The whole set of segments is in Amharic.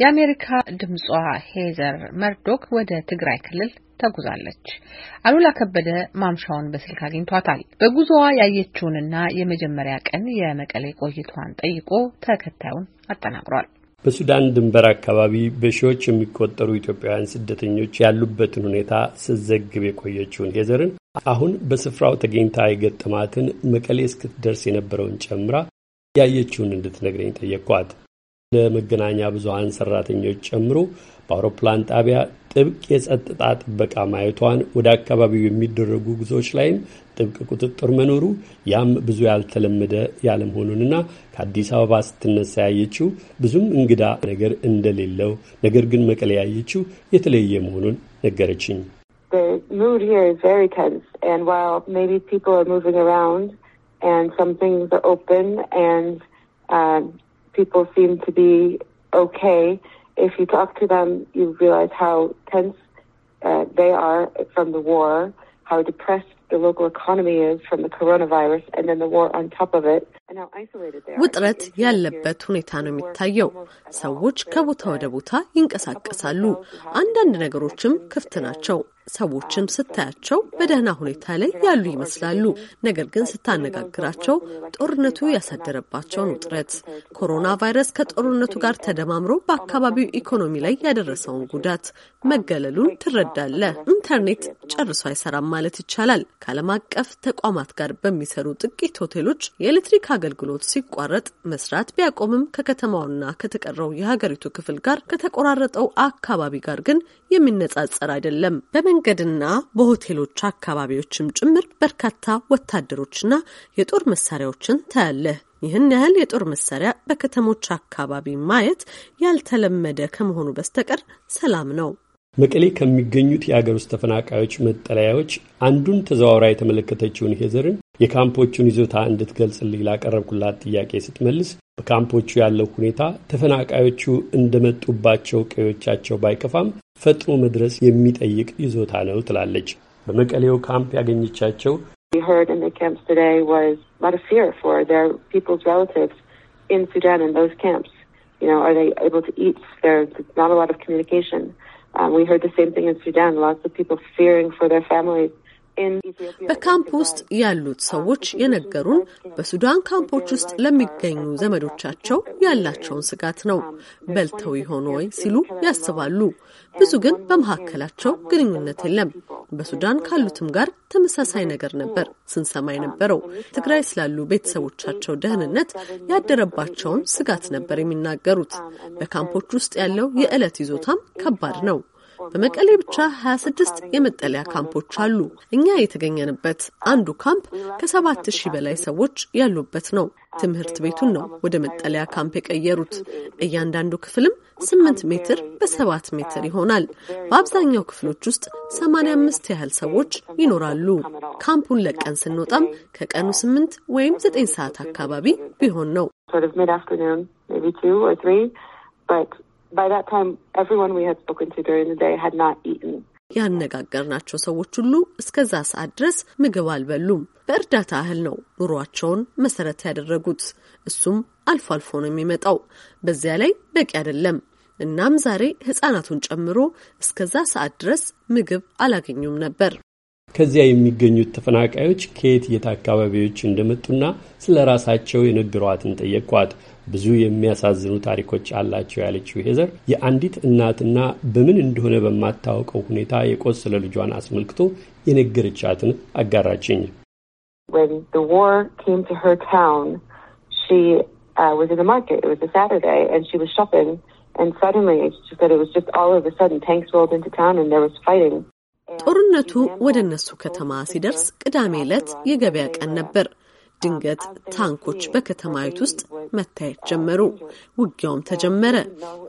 የአሜሪካ ድምጿ ሄዘር መርዶክ ወደ ትግራይ ክልል ተጉዛለች። አሉላ ከበደ ማምሻውን በስልክ አግኝቷታል። በጉዞዋ ያየችውንና የመጀመሪያ ቀን የመቀሌ ቆይቷን ጠይቆ ተከታዩን አጠናቅሯል። በሱዳን ድንበር አካባቢ በሺዎች የሚቆጠሩ ኢትዮጵያውያን ስደተኞች ያሉበትን ሁኔታ ስትዘግብ የቆየችውን ሄዘርን አሁን በስፍራው ተገኝታ የገጠማትን መቀሌ እስክትደርስ የነበረውን ጨምራ ያየችውን እንድትነግረኝ ጠየቅኳት። ለመገናኛ ብዙሃን ሰራተኞች ጨምሮ በአውሮፕላን ጣቢያ ጥብቅ የጸጥታ ጥበቃ ማየቷን፣ ወደ አካባቢው የሚደረጉ ጉዞዎች ላይም ጥብቅ ቁጥጥር መኖሩ ያም ብዙ ያልተለመደ ያለመሆኑንና ከአዲስ አበባ ስትነሳ ያየችው ብዙም እንግዳ ነገር እንደሌለው ነገር ግን መቀለ ያየችው የተለየ መሆኑን ነገረችኝ። people seem to be okay. If you talk to them, you realize how tense uh, they are from the war, how depressed the local economy is from the coronavirus, and then the war on top of it. ውጥረት ያለበት ሁኔታ ነው የሚታየው። ሰዎች ከቦታ ወደ ቦታ ይንቀሳቀሳሉ። አንዳንድ ነገሮችም ክፍት ናቸው። ሰዎችም ስታያቸው በደህና ሁኔታ ላይ ያሉ ይመስላሉ። ነገር ግን ስታነጋግራቸው ጦርነቱ ያሳደረባቸውን ውጥረት፣ ኮሮና ቫይረስ ከጦርነቱ ጋር ተደማምሮ በአካባቢው ኢኮኖሚ ላይ ያደረሰውን ጉዳት፣ መገለሉን ትረዳለህ። ኢንተርኔት ጨርሶ አይሰራም ማለት ይቻላል። ከዓለም አቀፍ ተቋማት ጋር በሚሰሩ ጥቂት ሆቴሎች የኤሌክትሪክ አገልግሎት ሲቋረጥ መስራት ቢያቆምም ከከተማውና ከተቀረው የሀገሪቱ ክፍል ጋር ከተቆራረጠው አካባቢ ጋር ግን የሚነጻጸር አይደለም። በመንገድና በሆቴሎች አካባቢዎችም ጭምር በርካታ ወታደሮችና የጦር መሳሪያዎችን ታያለህ። ይህን ያህል የጦር መሳሪያ በከተሞች አካባቢ ማየት ያልተለመደ ከመሆኑ በስተቀር ሰላም ነው። መቀሌ ከሚገኙት የአገር ውስጥ ተፈናቃዮች መጠለያዎች አንዱን ተዘዋውራ የተመለከተችውን ሄዘርን የካምፖቹን ይዞታ እንድትገልጽልኝ ላቀረብኩላት ጥያቄ ስትመልስ በካምፖቹ ያለው ሁኔታ ተፈናቃዮቹ እንደመጡባቸው ቀዮቻቸው ባይከፋም ፈጥኖ መድረስ የሚጠይቅ ይዞታ ነው ትላለች። በመቀሌው ካምፕ ያገኘቻቸው ሱዳን ሱዳን በካምፕ ውስጥ ያሉት ሰዎች የነገሩን በሱዳን ካምፖች ውስጥ ለሚገኙ ዘመዶቻቸው ያላቸውን ስጋት ነው። በልተው ይሆን ወይ ሲሉ ያስባሉ። ብዙ ግን በመካከላቸው ግንኙነት የለም። በሱዳን ካሉትም ጋር ተመሳሳይ ነገር ነበር ስንሰማ የነበረው። ትግራይ ስላሉ ቤተሰቦቻቸው ደህንነት ያደረባቸውን ስጋት ነበር የሚናገሩት። በካምፖች ውስጥ ያለው የዕለት ይዞታም ከባድ ነው። በመቀሌ ብቻ 26 የመጠለያ ካምፖች አሉ። እኛ የተገኘንበት አንዱ ካምፕ ከ7000 በላይ ሰዎች ያሉበት ነው። ትምህርት ቤቱን ነው ወደ መጠለያ ካምፕ የቀየሩት። እያንዳንዱ ክፍልም 8 ሜትር በ7 ሜትር ይሆናል። በአብዛኛው ክፍሎች ውስጥ 85 ያህል ሰዎች ይኖራሉ። ካምፑን ለቀን ስንወጣም ከቀኑ 8 ወይም 9 ሰዓት አካባቢ ቢሆን ነው። ያነጋገርናቸው ሰዎች ሁሉ እስከዛ ሰዓት ድረስ ምግብ አልበሉም። በእርዳታ እህል ነው ኑሯቸውን መሰረት ያደረጉት። እሱም አልፎ አልፎ ነው የሚመጣው። በዚያ ላይ በቂ አይደለም። እናም ዛሬ ህጻናቱን ጨምሮ እስከዛ ሰዓት ድረስ ምግብ አላገኙም ነበር። ከዚያ የሚገኙት ተፈናቃዮች ከየት የት አካባቢዎች እንደመጡና ስለ ራሳቸው የነግሯትን ጠየቅኳት። ብዙ የሚያሳዝኑ ታሪኮች አላቸው ያለችው ሄዘር የአንዲት እናትና በምን እንደሆነ በማታወቀው ሁኔታ የቆሰለ ልጇን አስመልክቶ የነገረቻትን አጋራችኝ። ጦርነቱ ወደ እነሱ ከተማ ሲደርስ ቅዳሜ ዕለት የገበያ ቀን ነበር። ድንገት ታንኮች በከተማይቱ ውስጥ መታየት ጀመሩ። ውጊያውም ተጀመረ።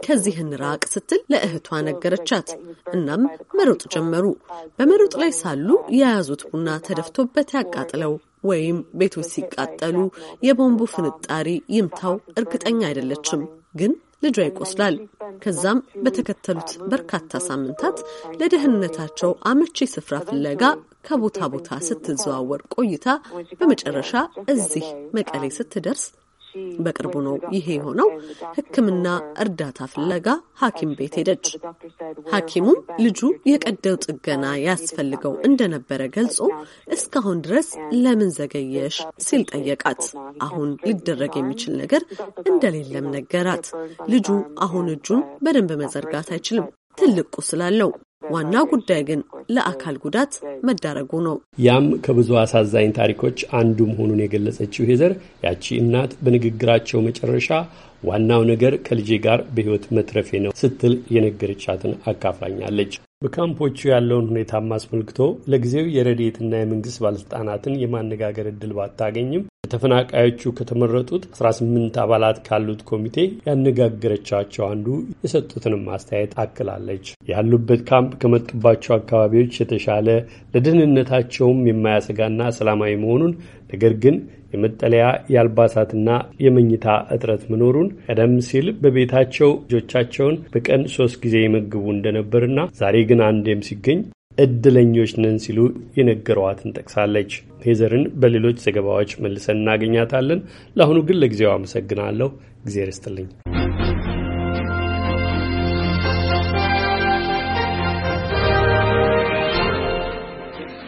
ከዚህ እንራቅ ስትል ለእህቷ ነገረቻት። እናም መሮጥ ጀመሩ። በመሮጥ ላይ ሳሉ የያዙት ቡና ተደፍቶበት ያቃጥለው ወይም ቤቶች ሲቃጠሉ የቦምቡ ፍንጣሪ ይምታው እርግጠኛ አይደለችም ግን ልጇ ይቆስላል። ከዛም በተከተሉት በርካታ ሳምንታት ለደህንነታቸው አመቺ ስፍራ ፍለጋ ከቦታ ቦታ ስትዘዋወር ቆይታ በመጨረሻ እዚህ መቀሌ ስትደርስ በቅርቡ ነው ይሄ የሆነው። ሕክምና እርዳታ ፍለጋ ሐኪም ቤት ሄደች። ሐኪሙም ልጁ የቀደው ጥገና ያስፈልገው እንደነበረ ገልጾ እስካሁን ድረስ ለምን ዘገየሽ ሲል ጠየቃት። አሁን ሊደረግ የሚችል ነገር እንደሌለም ነገራት። ልጁ አሁን እጁን በደንብ መዘርጋት አይችልም፣ ትልቅ ስላለው ዋና ጉዳይ ግን ለአካል ጉዳት መዳረጉ ነው። ያም ከብዙ አሳዛኝ ታሪኮች አንዱ መሆኑን የገለጸችው ሄዘር ያቺ እናት በንግግራቸው መጨረሻ ዋናው ነገር ከልጄ ጋር በሕይወት መትረፌ ነው ስትል የነገረቻትን አካፍላኛለች። በካምፖቹ ያለውን ሁኔታም አስመልክቶ ለጊዜው የረድኤትና የመንግስት ባለስልጣናትን የማነጋገር እድል ባታገኝም ተፈናቃዮቹ ከተመረጡት 18 አባላት ካሉት ኮሚቴ ያነጋገረቻቸው አንዱ የሰጡትንም አስተያየት አክላለች። ያሉበት ካምፕ ከመጡባቸው አካባቢዎች የተሻለ ለደህንነታቸውም የማያሰጋና ሰላማዊ መሆኑን ነገር ግን የመጠለያ የአልባሳትና የመኝታ እጥረት መኖሩን ቀደም ሲል በቤታቸው ልጆቻቸውን በቀን ሶስት ጊዜ ይመግቡ እንደነበርና ዛሬ ግን አንዴም ሲገኝ እድለኞች ነን ሲሉ የነገሯዋትን ጠቅሳለች። ሄዘርን በሌሎች ዘገባዎች መልሰን እናገኛታለን። ለአሁኑ ግን ለጊዜው አመሰግናለሁ። እግዜር ይስጥልኝ።